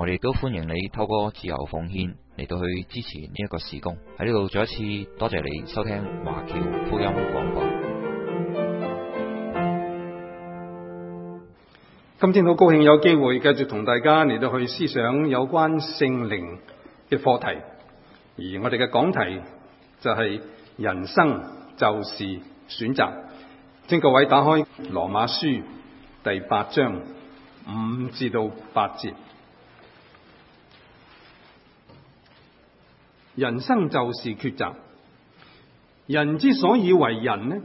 我哋都歡迎你，透過自由奉獻嚟到去支持呢一個事工。喺呢度再一次多謝你收聽華僑福音廣播。今天好高興有機會繼續同大家嚟到去思想有關聖靈嘅課題，而我哋嘅講題就係人生就是選擇。請各位打開《羅馬書》第八章五至到八節。人生就是抉擇。人之所以為人呢，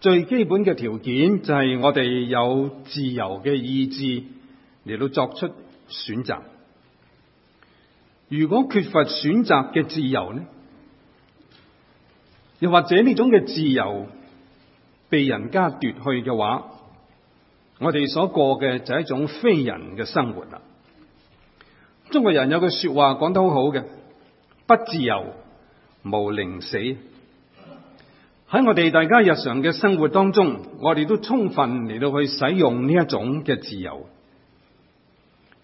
最基本嘅條件就係我哋有自由嘅意志嚟到作出選擇。如果缺乏選擇嘅自由呢，又或者呢種嘅自由被人家奪去嘅話，我哋所過嘅就係一種非人嘅生活啦。中國人有句說話講得好好嘅。不自由，無寧死。喺我哋大家日常嘅生活當中，我哋都充分嚟到去使用呢一種嘅自由。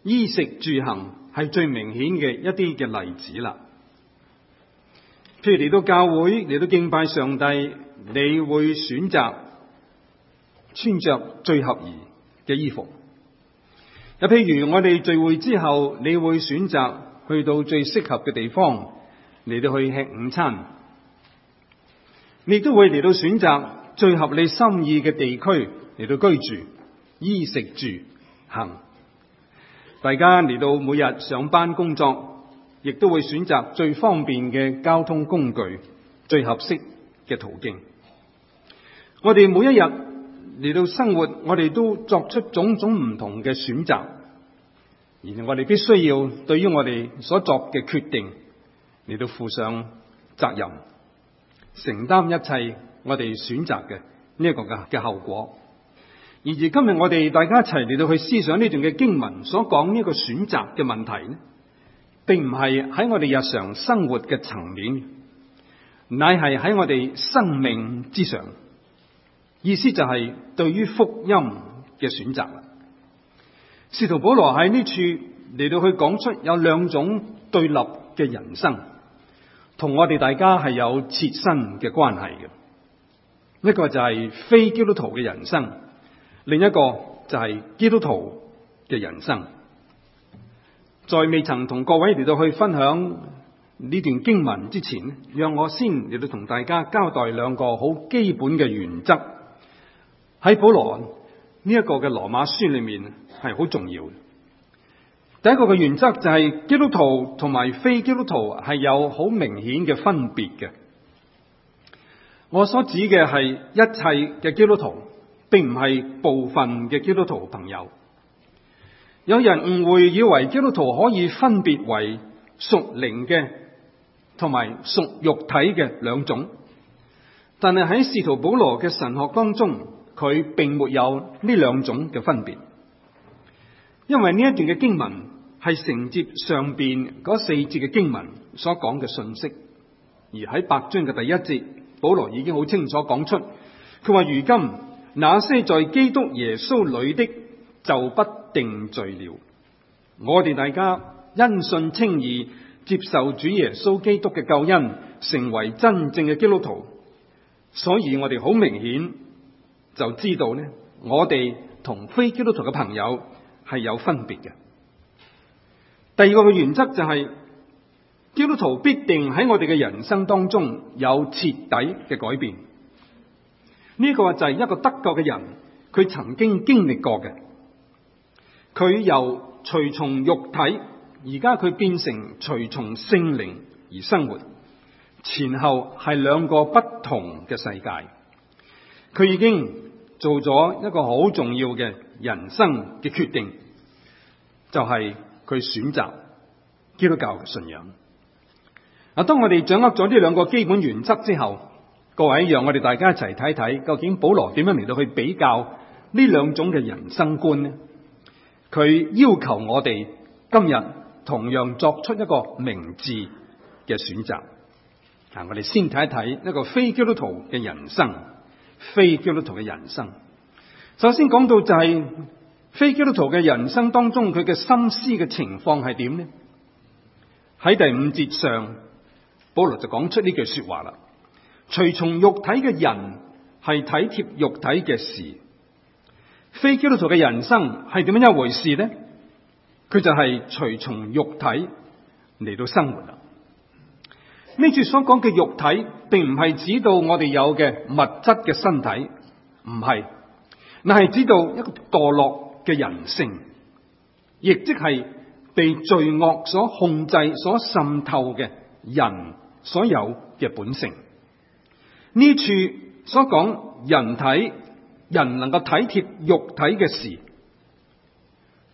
衣食住行係最明顯嘅一啲嘅例子啦。譬如嚟到教會，嚟到敬拜上帝，你會選擇穿着最合宜嘅衣服。又譬如我哋聚會之後，你會選擇。去到最適合嘅地方嚟到去吃午餐，你都會嚟到選擇最合你心意嘅地區嚟到居住，衣食住行。大家嚟到每日上班工作，亦都會選擇最方便嘅交通工具、最合適嘅途徑。我哋每一日嚟到生活，我哋都作出種種唔同嘅選擇。而我哋必須要對於我哋所作嘅決定嚟到負上責任，承擔一切我哋選擇嘅呢一個嘅嘅後果。然而今日我哋大家一齊嚟到去思想呢段嘅經文所講呢個選擇嘅問題呢，並唔係喺我哋日常生活嘅層面，乃係喺我哋生命之上。意思就係對於福音嘅選擇。使徒保羅喺呢處嚟到去講出有兩種對立嘅人生，同我哋大家係有切身嘅關係嘅。一個就係非基督徒嘅人生，另一個就係基督徒嘅人生。在未曾同各位嚟到去分享呢段經文之前，讓我先嚟到同大家交代兩個好基本嘅原則，喺保羅。呢、這、一個嘅羅馬書裏面係好重要嘅。第一個嘅原則就係基督徒同埋非基督徒係有好明顯嘅分別嘅。我所指嘅係一切嘅基督徒，並唔係部分嘅基督徒朋友。有人誤會以為基督徒可以分別為屬靈嘅同埋屬肉體嘅兩種，但係喺使徒保羅嘅神學當中。佢並沒有呢兩種嘅分別，因為呢一段嘅經文係承接上邊嗰四節嘅經文所講嘅信息，而喺白章嘅第一節，保羅已經好清楚講出，佢話：如今那些在基督耶穌裏的就不定罪了。我哋大家因信稱義，接受主耶穌基督嘅救恩，成為真正嘅基督徒，所以我哋好明顯。就知道咧，我哋同非基督徒嘅朋友係有分別嘅。第二個嘅原則就係基督徒必定喺我哋嘅人生當中有徹底嘅改變。呢個就係一個德國嘅人，佢曾經經歷過嘅。佢由隨從肉體，而家佢變成隨從聖靈而生活，前後係兩個不同嘅世界。佢已經做咗一個好重要嘅人生嘅決定，就係佢選擇基督教嘅信仰。嗱，當我哋掌握咗呢兩個基本原則之後，各位讓我哋大家一齊睇睇，究竟保羅點樣嚟到去比較呢兩種嘅人生觀呢？佢要求我哋今日同樣作出一個明智嘅選擇。嗱，我哋先睇一睇一個非基督徒嘅人生。非基督徒嘅人生，首先講到就係非基督徒嘅人生當中，佢嘅心思嘅情況係點呢？喺第五節上，保羅就講出呢句說話啦。隨從肉體嘅人係體貼肉體嘅事，非基督徒嘅人生係點樣一回事呢？佢就係隨從肉體嚟到生活啦。呢處所講嘅肉體，並唔係指到我哋有嘅物質嘅身體，唔係，而係指到一個墮落嘅人性，亦即係被罪惡所控制、所滲透嘅人所有嘅本性。呢處所講人體，人能夠體貼肉體嘅事，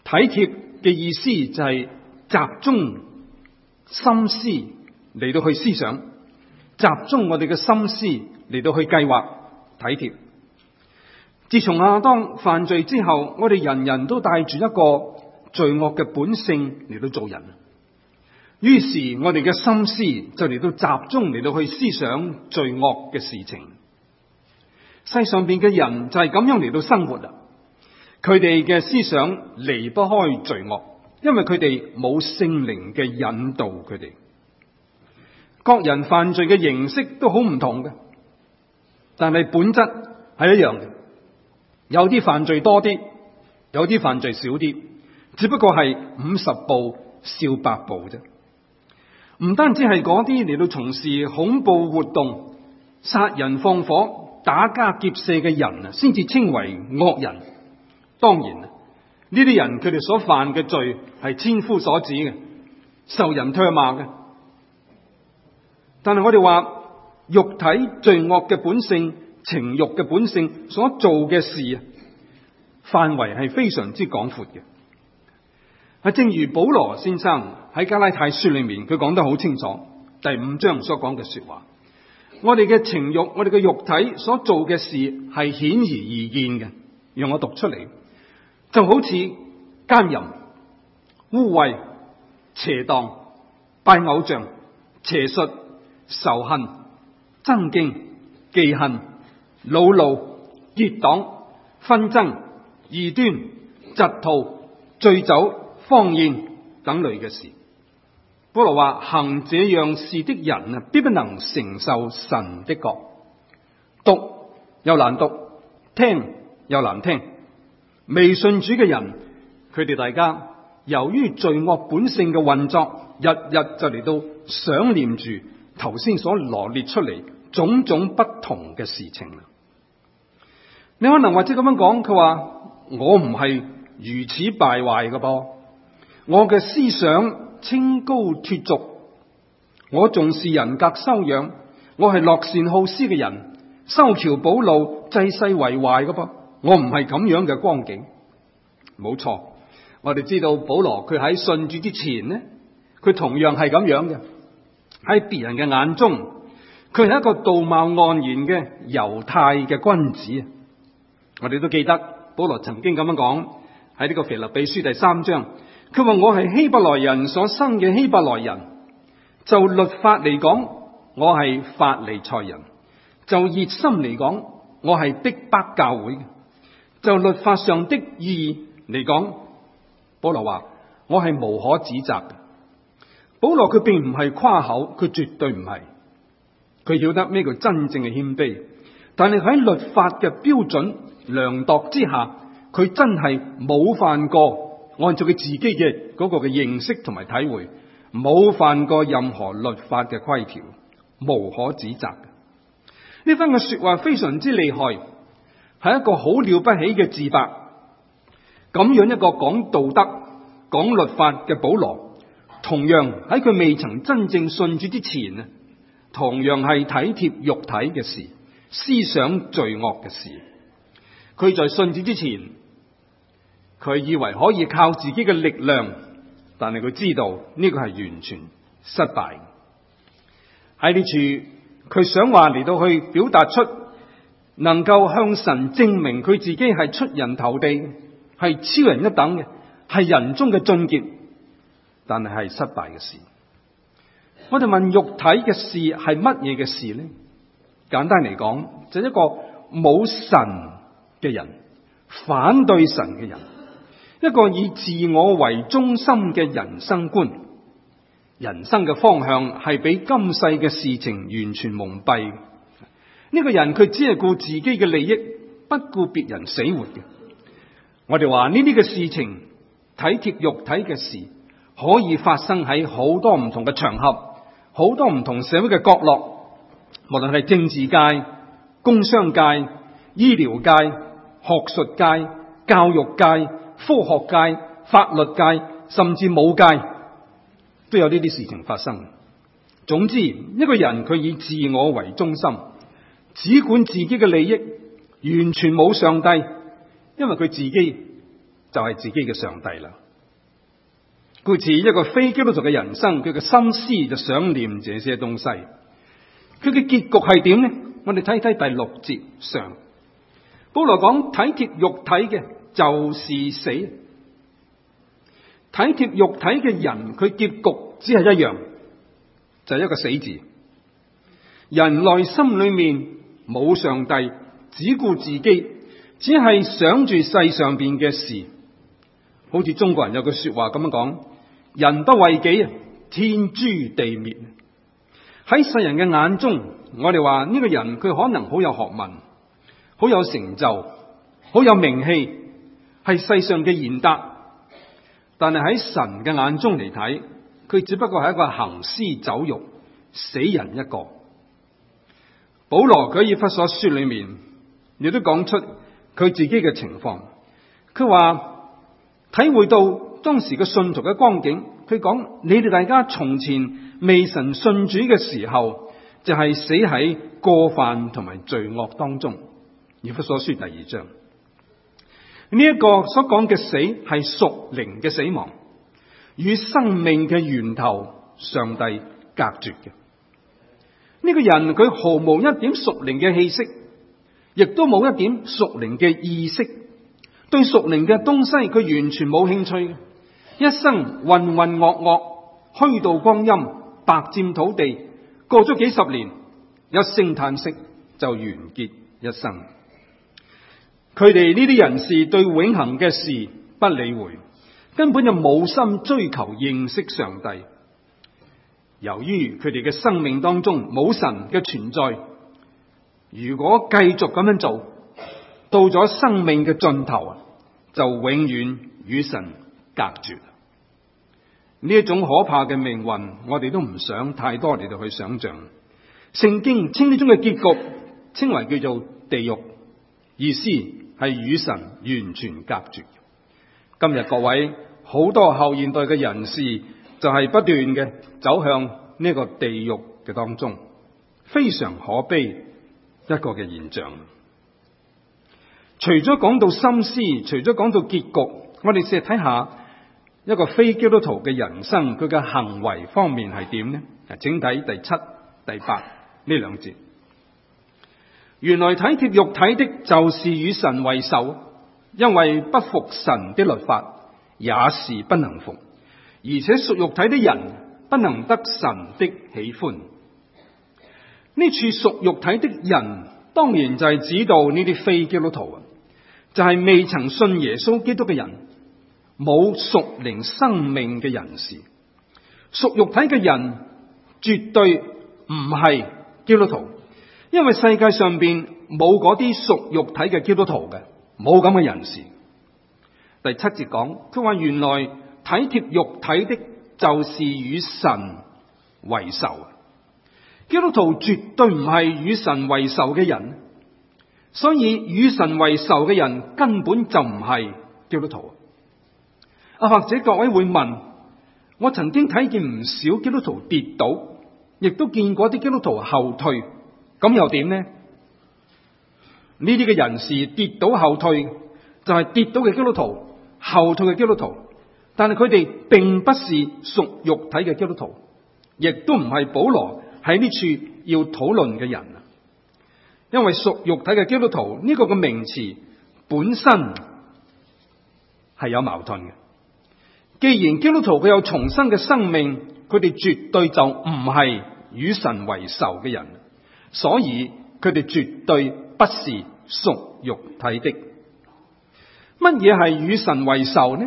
體貼嘅意思就係集中心思，嚟到去思想，集中我哋嘅心思嚟到去計劃體貼。自從亞當犯罪之後，我哋人人都帶住一個罪惡嘅本性嚟到做人。於是我哋嘅心思就嚟到集中嚟到去思想罪惡嘅事情。世上邊嘅人就係咁樣嚟到生活啦。佢哋嘅思想離不開罪惡，因為佢哋冇聖靈嘅引導，佢哋。各人犯罪嘅形式都好唔同嘅，但係本質係一樣嘅。有啲犯罪多啲，有啲犯罪少啲，只不過係五十步笑百步啫。唔單止係嗰啲嚟到從事恐怖活動、殺人放火、打家劫舍嘅人啊，先至稱為惡人。當然，呢啲人佢哋所犯嘅罪係千夫所指嘅，受人唾罵嘅。但係我哋話，肉體罪惡嘅本性、情欲嘅本性所做嘅事，範圍係非常之廣闊嘅。啊，正如保羅先生喺加拉太書裏面佢講得好清楚，第五章所講嘅說話，我哋嘅情欲、我哋嘅肉體所做嘅事係顯而易見嘅。讓我讀出嚟，就好似奸淫、污穢、邪蕩、拜偶像、邪術。仇恨、爭競、忌恨、惱怒、結黨、紛爭、異端、嫉妒、醉酒、荒宴等類嘅事。保羅話：行這樣事的人啊，必不能承受神的國。讀又難讀，聽又難聽。未信主嘅人，佢哋大家由於罪惡本性嘅運作，日日就嚟到想念住。頭先所羅列出嚟，種種不同嘅事情啦，你可能或者咁樣講，佢話我唔係如此敗壞嘅噃，我嘅思想清高脫俗，我重視人格修養，我係樂善好施嘅人，修橋補路，濟世為懷嘅噃，我唔係咁樣嘅光景。冇錯，我哋知道保羅佢喺信主之前呢，佢同樣係咁樣嘅。喺別人嘅眼中，佢係一個道貌岸然嘅猶太嘅君子。我哋都記得保羅曾經咁樣講喺呢個腓立比書第三章，佢話，我係希伯來人所生嘅希伯來人，就律法嚟講，我係法利賽人；就熱心嚟講，我係逼迫教會；就律法上的義嚟講，保羅話我係無可指責的。保羅佢並唔係誇口，佢絕對唔係，佢曉得咩叫真正嘅謙卑。但係喺律法嘅標準量度之下，佢真係冇犯過。按照佢自己嘅嗰個嘅認識同埋體會，冇犯過任何律法嘅規條，無可指責。呢番嘅說話非常之厲害，係一個好了不起嘅自白。咁樣一個講道德、講律法嘅保羅。同樣喺佢未曾真正信主之前啊，同樣係體貼肉體嘅事，思想罪惡嘅事。佢在信主之前，佢以為可以靠自己嘅力量，但係佢知道呢個係完全失敗。喺呢處，佢想話嚟到去表達出，能夠向神證明佢自己係出人頭地，係超人一等嘅，係人中嘅俊傑。但係係失敗嘅事。我哋問肉體嘅事係乜嘢嘅事呢？簡單嚟講，就是，一個冇神嘅人，反對神嘅人，一個以自我為中心嘅人生觀，人生嘅方向係俾今世嘅事情完全蒙蔽。呢、這個人佢只係顧自己嘅利益，不顧別人死活嘅。我哋話呢啲嘅事情體貼肉體嘅事。可以發生喺好多唔同嘅場合，好多唔同社會嘅角落，無論係政治界、工商界、醫療界、學術界、教育界、科學界、法律界，甚至武界，都有呢啲事情發生。總之，一個人佢以自我為中心，只管自己嘅利益，完全冇上帝，因為佢自己就係自己嘅上帝啦。好似一個非基督徒嘅人生，佢嘅心思就想念這些東西。佢嘅結局係點呢？我哋睇睇第六節上，保羅講體貼肉體嘅就是死，體貼肉體嘅人，佢結局只係一樣，就係一個死字。人內心裏面冇上帝，只顧自己，只係想住世上邊嘅事，好似中國人有句說話咁樣講。人不為己啊，天誅地滅。喺世人嘅眼中，我哋話呢個人，佢可能好有學問，好有成就，好有名氣，係世上嘅賢達。但係喺神嘅眼中嚟睇，佢只不過係一個行屍走肉、死人一個。保羅佢以弗所書裏面亦都講出佢自己嘅情況，佢話體會到。當時嘅信徒嘅光景，佢講：你哋大家從前未神信主嘅時候，就係、是、死喺過犯同埋罪惡當中。《以弗所書》第二章呢一個、這個所講嘅死，係屬靈嘅死亡，與生命嘅源頭上帝隔絕嘅。呢、這個人佢毫無一點屬靈嘅氣息，亦都冇一點屬靈嘅意識，對屬靈嘅東西佢完全冇興趣。一生渾渾噩噩，虛度光陰，白佔土地，過咗幾十年，一聲嘆息就完結一生。佢哋呢啲人士對永恒嘅事不理會，根本就冇心追求認識上帝。由於佢哋嘅生命當中冇神嘅存在，如果繼續咁樣做，到咗生命嘅盡頭啊，就永遠與神隔絕呢一種可怕嘅命運，我哋都唔想太多你哋去想象聖經稱之為嘅結局，稱為叫做地獄，意思係與神完全隔絕。今日各位好多後現代嘅人士，就係不斷嘅走向呢個地獄嘅當中，非常可悲一個嘅現象。除咗講到心思，除咗講到結局，我哋試下睇下。一個非基督徒嘅人生，佢嘅行為方面係點呢？請睇第七、第八呢兩節。原來體貼肉體的，就是與神為仇，因為不服神的律法，也是不能服。而且屬肉體的人，不能得神的喜歡。呢處屬肉體的人，當然就係指到呢啲非基督徒啊，就係、是、未曾信耶穌基督嘅人。冇屬靈生命嘅人士，屬肉體嘅人絕對唔係基督徒，因為世界上邊冇嗰啲屬肉體嘅基督徒嘅，冇咁嘅人士。第七節講佢話，原來體貼肉體的，就是與神為仇。基督徒絕對唔係與神為仇嘅人，所以與神為仇嘅人根本就唔係基督徒。啊，或者各位會問，我曾經睇見唔少基督徒跌倒，亦都見過啲基督徒後退，咁又點呢？呢啲嘅人士跌倒後退，就係、是、跌倒嘅基督徒，後退嘅基督徒，但係佢哋並不是屬肉體嘅基督徒，亦都唔係保羅喺呢處要討論嘅人。因為屬肉體嘅基督徒呢、這個嘅名詞本身係有矛盾嘅。既然基督徒佢有重生嘅生命，佢哋絕對就唔係與神為仇嘅人，所以佢哋絕對不是屬肉體的。乜嘢係與神為仇呢？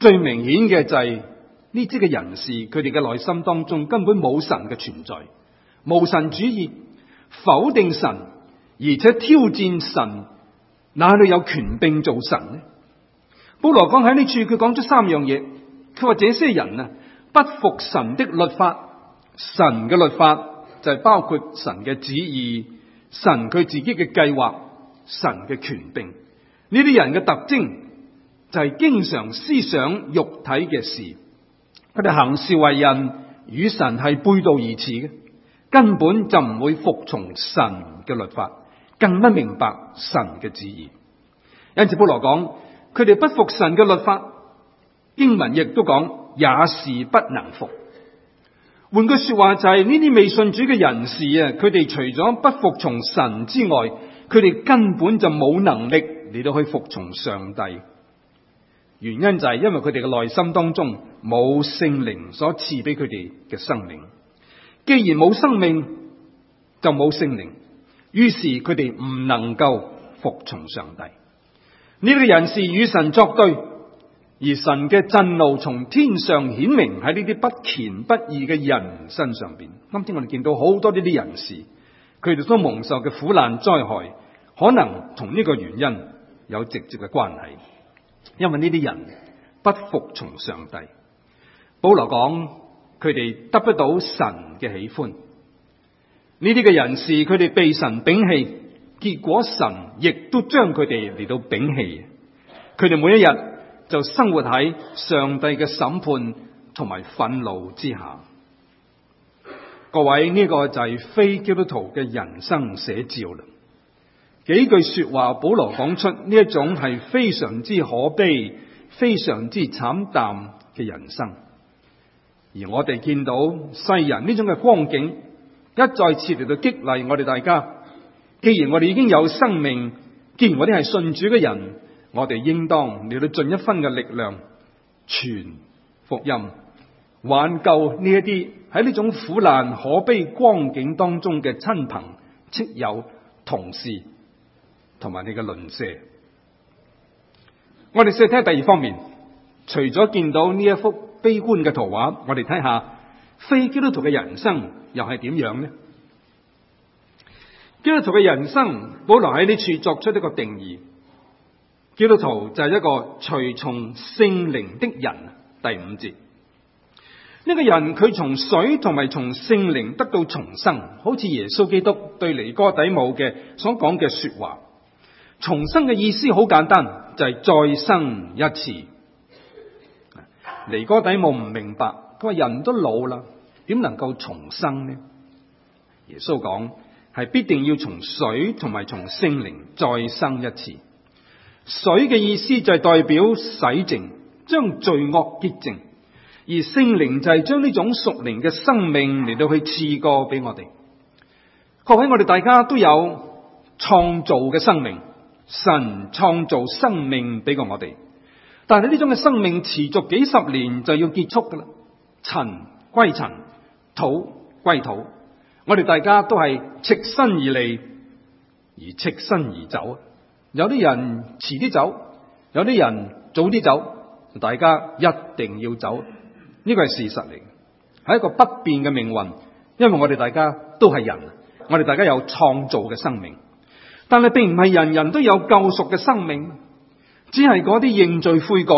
最明顯嘅就係呢啲嘅人士，佢哋嘅內心當中根本冇神嘅存在，無神主義否定神，而且挑戰神，哪裏有權柄做神呢？保羅講喺呢處講，佢講咗三樣嘢。佢話這些人啊，不服神的律法，神嘅律法就係包括神嘅旨意、神佢自己嘅計劃、神嘅權定。呢啲人嘅特徵就係經常思想肉體嘅事，佢哋行事為人與神係背道而馳嘅，根本就唔會服從神嘅律法，更不明白神嘅旨意。因此，保羅講。佢哋不服神嘅律法，英文亦都講，也是不能服。換句說話就係呢啲未信主嘅人士啊，佢哋除咗不服從神之外，佢哋根本就冇能力嚟到去服從上帝。原因就係因為佢哋嘅內心當中冇聖靈所賜俾佢哋嘅生命。既然冇生命，就冇聖靈，於是佢哋唔能夠服從上帝。呢啲人士與神作對，而神嘅震怒從天上顯明喺呢啲不虔不義嘅人身上邊。今天我哋見到好多呢啲人士，佢哋所蒙受嘅苦難災害，可能同呢個原因有直接嘅關係，因為呢啲人不服從上帝。保羅講，佢哋得不到神嘅喜歡。呢啲嘅人士，佢哋被神摒棄。結果神亦都將佢哋嚟到摒棄，佢哋每一日就生活喺上帝嘅審判同埋憤怒之下。各位呢、這個就係非基督徒嘅人生寫照啦。幾句說話，保羅講出呢一種係非常之可悲、非常之慘淡嘅人生。而我哋見到世人呢種嘅光景，一再次嚟到激勵我哋大家。既然我哋已經有生命，既然我哋係信主嘅人，我哋應當嚟到盡一分嘅力量，傳福音挽救呢一啲喺呢種苦難可悲光景當中嘅親朋戚友同事，同埋你嘅鄰舍。我哋試睇第二方面，除咗見到呢一幅悲觀嘅圖畫，我哋睇下非基督徒嘅人生又係點樣呢？基督徒嘅人生保留喺呢處作出一個定義。基督徒就係一個隨從聖靈的人。第五節呢、這個人佢從水同埋從聖靈得到重生,好似耶穌基督對尼哥底母嘅所講嘅說話。重生嘅意思好簡單，就係、是、再生一次。尼哥底母唔明白，佢話人都老啦，點能夠重生呢？耶穌講。係必定要從水同埋從聖靈再生一次。水嘅意思就係代表洗淨，將罪惡潔淨；而聖靈就係將呢種屬靈嘅生命嚟到去賜過俾我哋。各位，我哋大家都有創造嘅生命，神創造生命俾過我哋，但係呢種嘅生命持續幾十年就要結束噶啦，塵歸塵，土歸土。我哋大家都係赤身而嚟，而赤身而走啊！有啲人遲啲走，有啲人早啲走，大家一定要走，呢個係事實嚟，係一個不變嘅命運。因為我哋大家都係人，我哋大家有創造嘅生命，但係並唔係人人都有救贖嘅生命，只係嗰啲認罪悔改、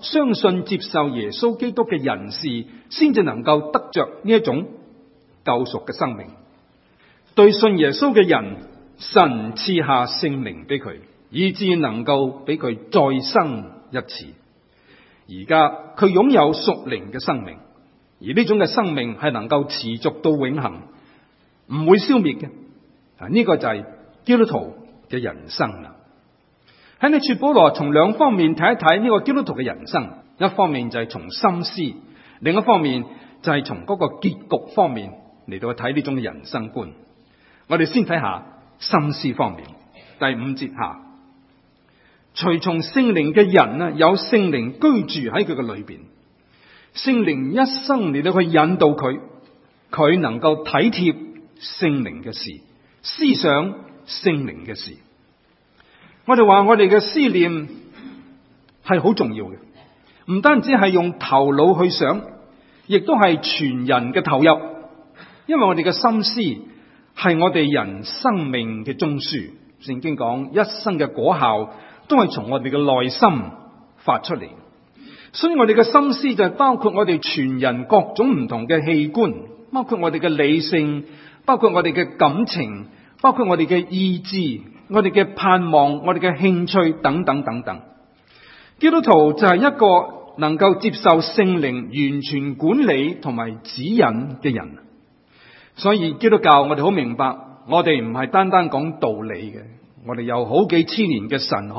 相信接受耶穌基督嘅人士，先至能夠得着呢一種。救贖嘅生命，對信耶穌嘅人，神賜下聖靈俾佢，以至能夠俾佢再生一次。而家佢擁有屬靈嘅生命，而呢種嘅生命係能夠持續到永恆，唔會消滅嘅。啊，呢個就係基督徒嘅人生啦。喺呢處，保羅從兩方面睇一睇呢個基督徒嘅人生。一方面就係從心思，另一方面就係從嗰個結局方面。嚟到去睇呢種人生觀，我哋先睇下心思方面。第五節下，隨從聖靈嘅人呢，有聖靈居住喺佢嘅裏邊。聖靈一生嚟到去引導佢，佢能夠體貼聖靈嘅事，思想聖靈嘅事。我哋話我哋嘅思念係好重要嘅，唔單止係用頭腦去想，亦都係全人嘅投入。因為我哋嘅心思係我哋人生命嘅中樞。聖經講，一生嘅果效都係從我哋嘅內心發出嚟，所以我哋嘅心思就係包括我哋全人各種唔同嘅器官，包括我哋嘅理性，包括我哋嘅感情，包括我哋嘅意志，我哋嘅盼望，我哋嘅興趣，等等等等。基督徒就係一個能夠接受聖靈完全管理同埋指引嘅人。所以基督教我哋好明白，我哋唔係單單講道理嘅，我哋有好幾千年嘅神學，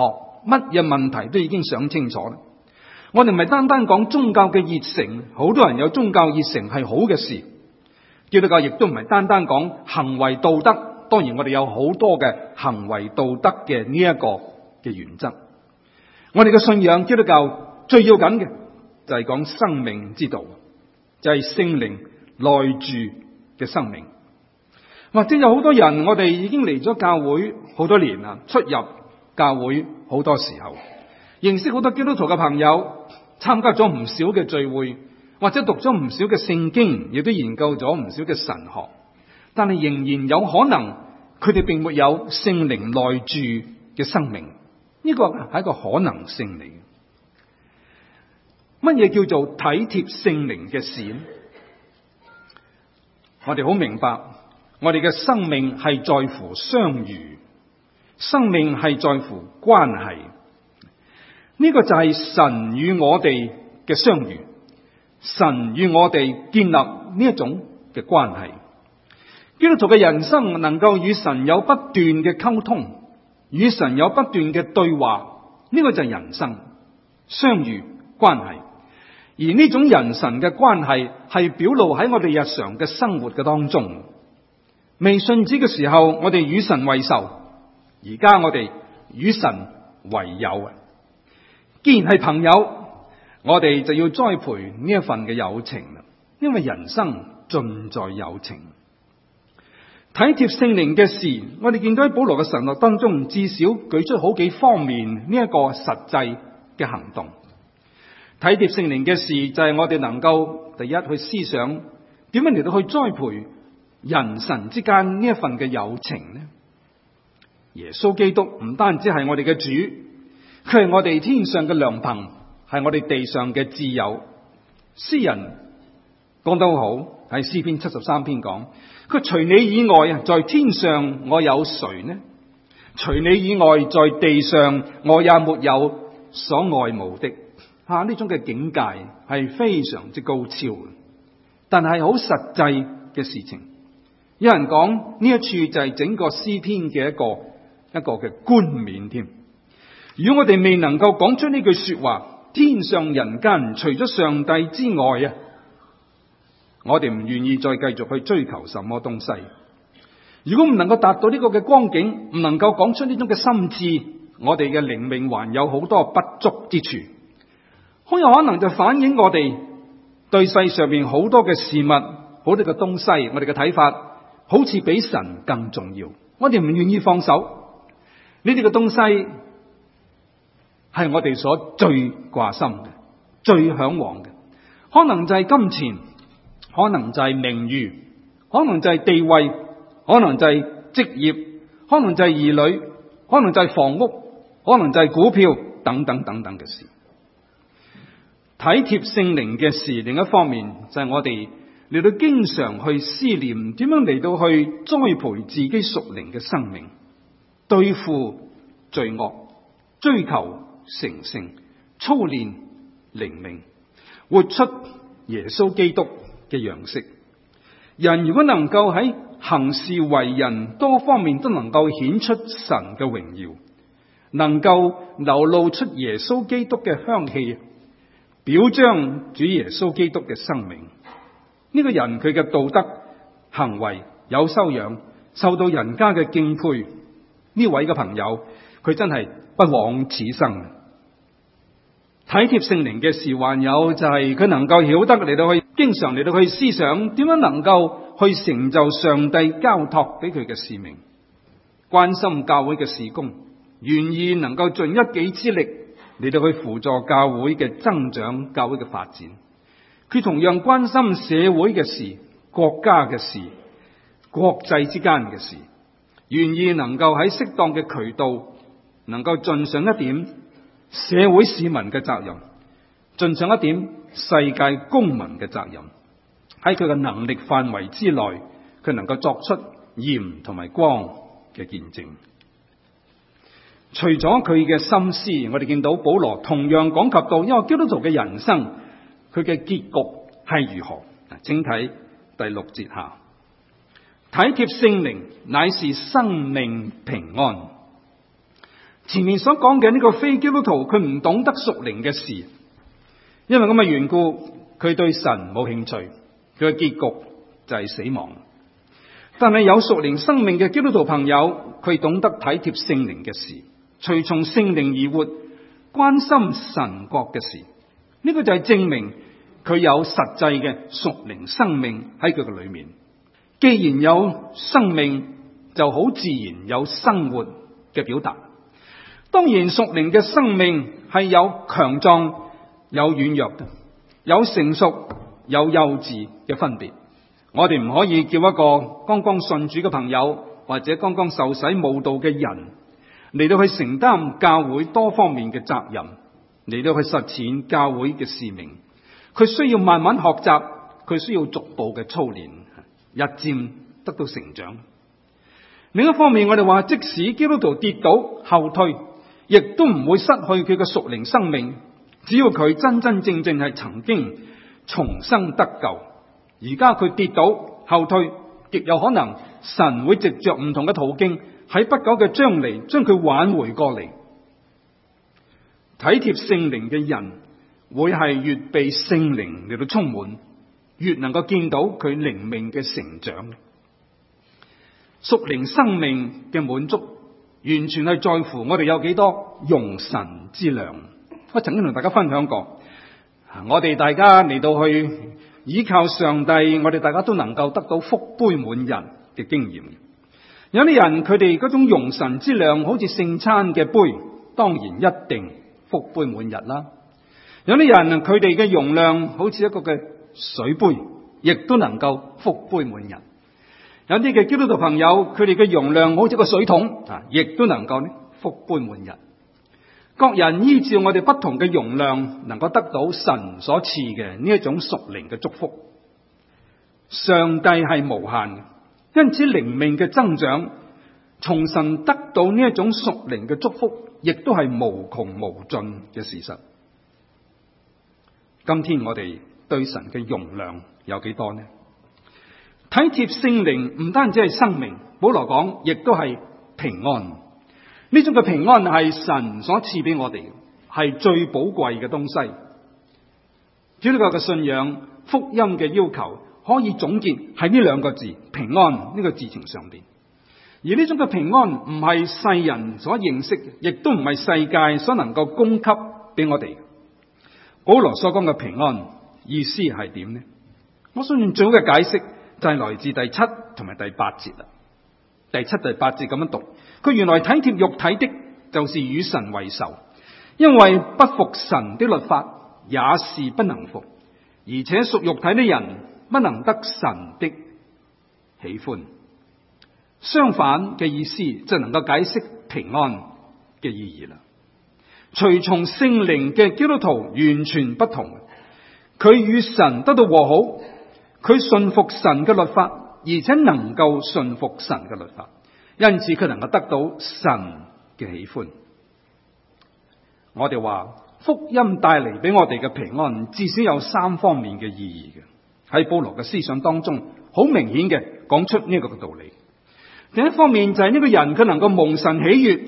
乜嘢問題都已經想清楚啦。我哋唔係單單講宗教嘅熱誠，好多人有宗教熱誠係好嘅事。基督教亦都唔係單單講行為道德，當然我哋有好多嘅行為道德嘅呢一個嘅原則。我哋嘅信仰，基督教最要緊嘅就係講生命之道，就係聖靈內住嘅生命，或者有好多人，我哋已經嚟咗教會好多年啦，出入教會好多時候，認識好多基督徒嘅朋友，參加咗唔少嘅聚會，或者讀咗唔少嘅聖經，亦都研究咗唔少嘅神學，但係仍然有可能，佢哋並沒有聖靈內住嘅生命，呢個係一個可能性嚟。乜嘢叫做體貼聖靈嘅事？我哋好明白，我哋嘅生命係在乎相遇，生命係在乎關係。呢個就係神與我哋嘅相遇，神與我哋建立呢一種嘅關係。基督徒嘅人生能夠與神有不斷嘅溝通，與神有不斷嘅對話，呢個就係人生相遇關係。而呢種人神嘅關係係表露喺我哋日常嘅生活嘅當中。未信主嘅時候，我哋與神為仇；而家我哋與神為友。啊，既然係朋友，我哋就要栽培呢一份嘅友情啦。因為人生盡在友情。體貼聖靈嘅事，我哋見到喺保羅嘅神學當中，至少舉出好幾方面呢一個實際嘅行動。體貼聖靈嘅事就係我哋能夠第一去思想點樣嚟到去栽培人神之間呢一份嘅友情呢？耶穌基督唔單止係我哋嘅主，佢係我哋天上嘅良朋，係我哋地上嘅摯友。詩人講得好，喺詩篇七十三篇講，佢除你以外啊，在天上我有誰呢？除你以外，在地上我也沒有所愛慕的。吓、啊、呢種嘅境界係非常之高超，但係好實際嘅事情。有人講呢一處就係整個詩篇嘅一個一個嘅冠冕。添如果我哋未能夠講出呢句說話，天上人間除咗上帝之外啊，我哋唔願意再繼續去追求什麼東西。如果唔能夠達到呢個嘅光景，唔能夠講出呢種嘅心智，我哋嘅靈命還有好多不足之處。好有可能就反映我哋對世上面好多嘅事物，好多嘅東西，我哋嘅睇法好似比神更重要。我哋唔願意放手呢啲嘅東西，係我哋所最掛心嘅、最向往嘅。可能就係金錢，可能就係名譽，可能就係地位，可能就係職業，可能就係兒女，可能就係房屋，可能就係股票，等等等等嘅事。體貼聖靈嘅事，另一方面就係我哋嚟到經常去思念，點樣嚟到去栽培自己屬靈嘅生命，對付罪惡，追求成聖，操練靈命，活出耶穌基督嘅樣式。人如果能夠喺行事為人多方面都能夠顯出神嘅榮耀，能夠流露出耶穌基督嘅香氣。表彰主耶穌基督嘅生命，呢個人佢嘅道德行為有修養，受到人家嘅敬佩。呢位嘅朋友，佢真係不枉此生。體貼聖靈嘅事，還有就係佢能夠曉得嚟到去，經常嚟到去思想點樣能夠去成就上帝交託俾佢嘅使命，關心教會嘅事工，願意能夠盡一己之力。你哋去輔助教會嘅增長、教會嘅發展，佢同樣關心社會嘅事、國家嘅事、國際之間嘅事，願意能夠喺適當嘅渠道，能夠盡上一點社會市民嘅責任，盡上一點世界公民嘅責任，喺佢嘅能力範圍之內，佢能夠作出鹽同埋光嘅見證。除咗佢嘅心思，我哋見到保羅同樣講及到，因為基督徒嘅人生佢嘅結局係如何？請睇第六節下，體貼聖靈乃是生命平安。前面所講嘅呢個非基督徒，佢唔懂得屬靈嘅事，因為咁嘅緣故，佢對神冇興趣，佢嘅結局就係死亡。但係有屬靈生命嘅基督徒朋友，佢懂得體貼聖靈嘅事。隨從聖靈而活，關心神國嘅事，呢、這個就係證明佢有實際嘅屬靈生命喺佢嘅裏面。既然有生命，就好自然有生活嘅表達。當然，屬靈嘅生命係有強壯、有軟弱、有成熟、有幼稚嘅分別。我哋唔可以叫一個剛剛信主嘅朋友，或者剛剛受洗慕道嘅人。嚟到去承擔教會多方面嘅責任，嚟到去實踐教會嘅使命。佢需要慢慢學習，佢需要逐步嘅操練，日漸得到成長。另一方面，我哋話即使基督徒跌倒後退，亦都唔會失去佢嘅屬靈生命。只要佢真真正正係曾經重生得救，而家佢跌倒後退，極有可能神會藉着唔同嘅途徑。喺不久嘅將來，將佢挽回過嚟。體貼聖靈嘅人，會係越被聖靈嚟到充滿，越能夠見到佢靈命嘅成長。屬靈生命嘅滿足，完全係在乎我哋有幾多容神之量。我曾經同大家分享過，我哋大家嚟到去依靠上帝，我哋大家都能夠得到福杯滿溢嘅經驗。有啲人佢哋嗰種容神之量好似聖餐嘅杯，當然一定福杯滿日啦。有啲人佢哋嘅容量好似一個嘅水杯，亦都能夠福杯滿日。有啲嘅基督徒朋友，佢哋嘅容量好似個水桶啊，亦都能夠呢福杯滿日。各人依照我哋不同嘅容量，能夠得到神所賜嘅呢一種屬靈嘅祝福。上帝係無限。因此靈命嘅增長，從神得到呢一種屬靈嘅祝福，亦都係無窮無盡嘅事實。今天我哋對神嘅容量有幾多呢？體貼聖靈唔單止係生命，保羅講，亦都係平安。呢種嘅平安係神所賜俾我哋，係最寶貴嘅東西。主呢個嘅信仰、福音嘅要求。可以總結喺呢兩個字平安呢個字情上邊，而呢種嘅平安唔係世人所認識，亦都唔係世界所能夠供給俾我哋。保羅所講嘅平安意思係點呢？我相信最好嘅解釋就係來自第七同埋第八節啦。第七、第八節咁樣讀，佢原來體貼肉體的，就是與神為仇，因為不服神的律法也是不能服，而且屬肉體的人。不能得神的喜歡，相反嘅意思就是能夠解釋平安嘅意義啦。隨從聖靈嘅基督徒完全不同，佢與神得到和好，佢信服神嘅律法，而且能夠信服神嘅律法，因此佢能夠得到神嘅喜歡。我哋話福音帶嚟俾我哋嘅平安至少有三方面嘅意義嘅。喺保羅嘅思想當中，好明顯嘅講出呢個嘅道理。第一方面就係呢個人佢能夠蒙神喜悅，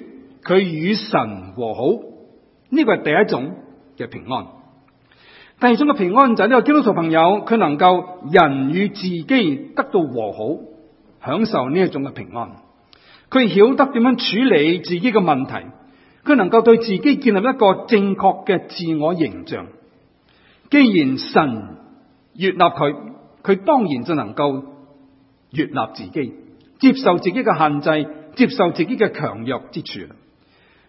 佢與神和好，呢個係第一種嘅平安。第二種嘅平安就係呢個基督徒朋友佢能夠人與自己得到和好，享受呢一種嘅平安。佢曉得點樣處理自己嘅問題，佢能夠對自己建立一個正確嘅自我形象。既然神，越納佢，佢當然就能夠越納自己，接受自己嘅限制，接受自己嘅強弱之處。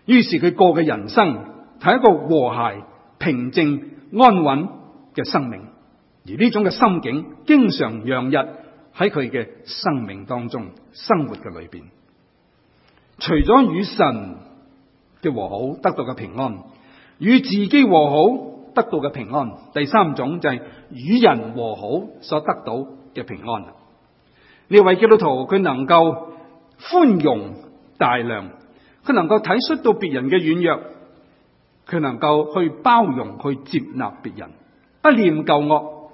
於是佢過嘅人生係一個和諧、平靜、安穩嘅生命。而呢種嘅心境，經常洋溢喺佢嘅生命當中、生活嘅裏邊。除咗與神嘅和好得到嘅平安，與自己和好。得到嘅平安，第三種就係與人和好所得到嘅平安。呢位基督徒佢能夠寬容大量，佢能夠體恤到別人嘅軟弱，佢能夠去包容去接納別人，不念舊惡，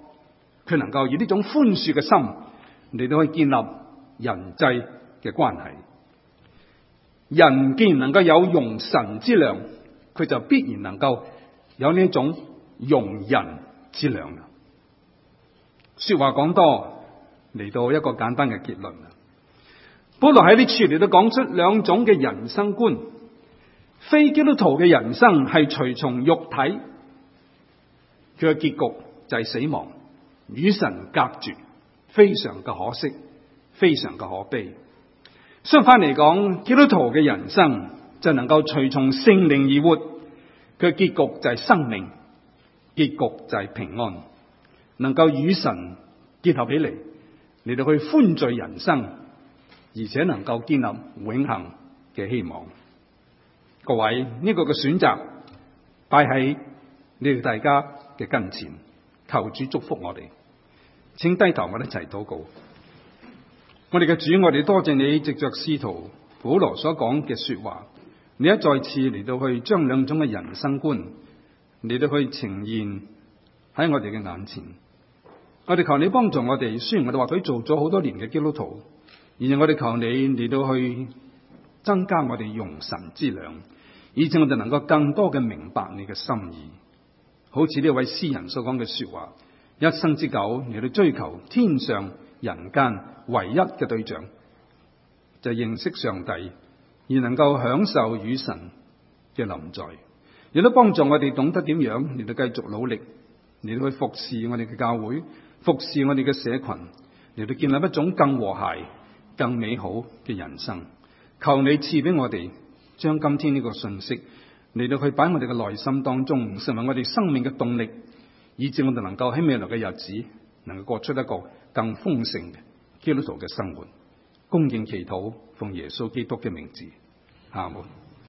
佢能夠以呢種寬恕嘅心嚟到去建立人際嘅關係。人既然能夠有容神之量，佢就必然能夠有呢種。用人之啦，說話講多嚟，到一個簡單嘅結論啦。本來喺呢處嚟都講出兩種嘅人生觀，非基督徒嘅人生係隨從肉體，佢嘅結局就係死亡，與神隔絕，非常嘅可惜，非常嘅可悲。相反嚟講，基督徒嘅人生就能夠隨從聖靈而活，佢嘅結局就係生命。結局就係平安，能夠與神結合起嚟，嚟到去歡聚人生，而且能夠建立永恒嘅希望。各位呢、這個嘅選擇擺喺你哋大家嘅跟前，求主祝福我哋，請低頭，我哋一齊禱告。我哋嘅主，我哋多謝你，藉着，使徒保羅所講嘅說話，你一再次嚟到去將兩種嘅人生觀。你都可以呈現喺我哋嘅眼前，我哋求你幫助我哋。雖然我哋話佢做咗好多年嘅基督徒，而我哋求你你都去增加我哋用神之量，以致我哋能夠更多嘅明白你嘅心意。好似呢位詩人所講嘅說話：一生之久你都追求天上人間唯一嘅對象，就認識上帝，而能夠享受與神嘅臨在。亦都幫助我哋懂得點樣嚟到繼續努力，嚟到去服侍我哋嘅教會，服侍我哋嘅社群，嚟到建立一種更和諧、更美好嘅人生。求你賜俾我哋，將今天呢個信息嚟到去擺喺我哋嘅內心當中，成為我哋生命嘅動力，以至我哋能夠喺未來嘅日子，能夠過出一個更豐盛嘅基督徒嘅生活。恭敬祈禱，奉耶穌基督嘅名字，阿門。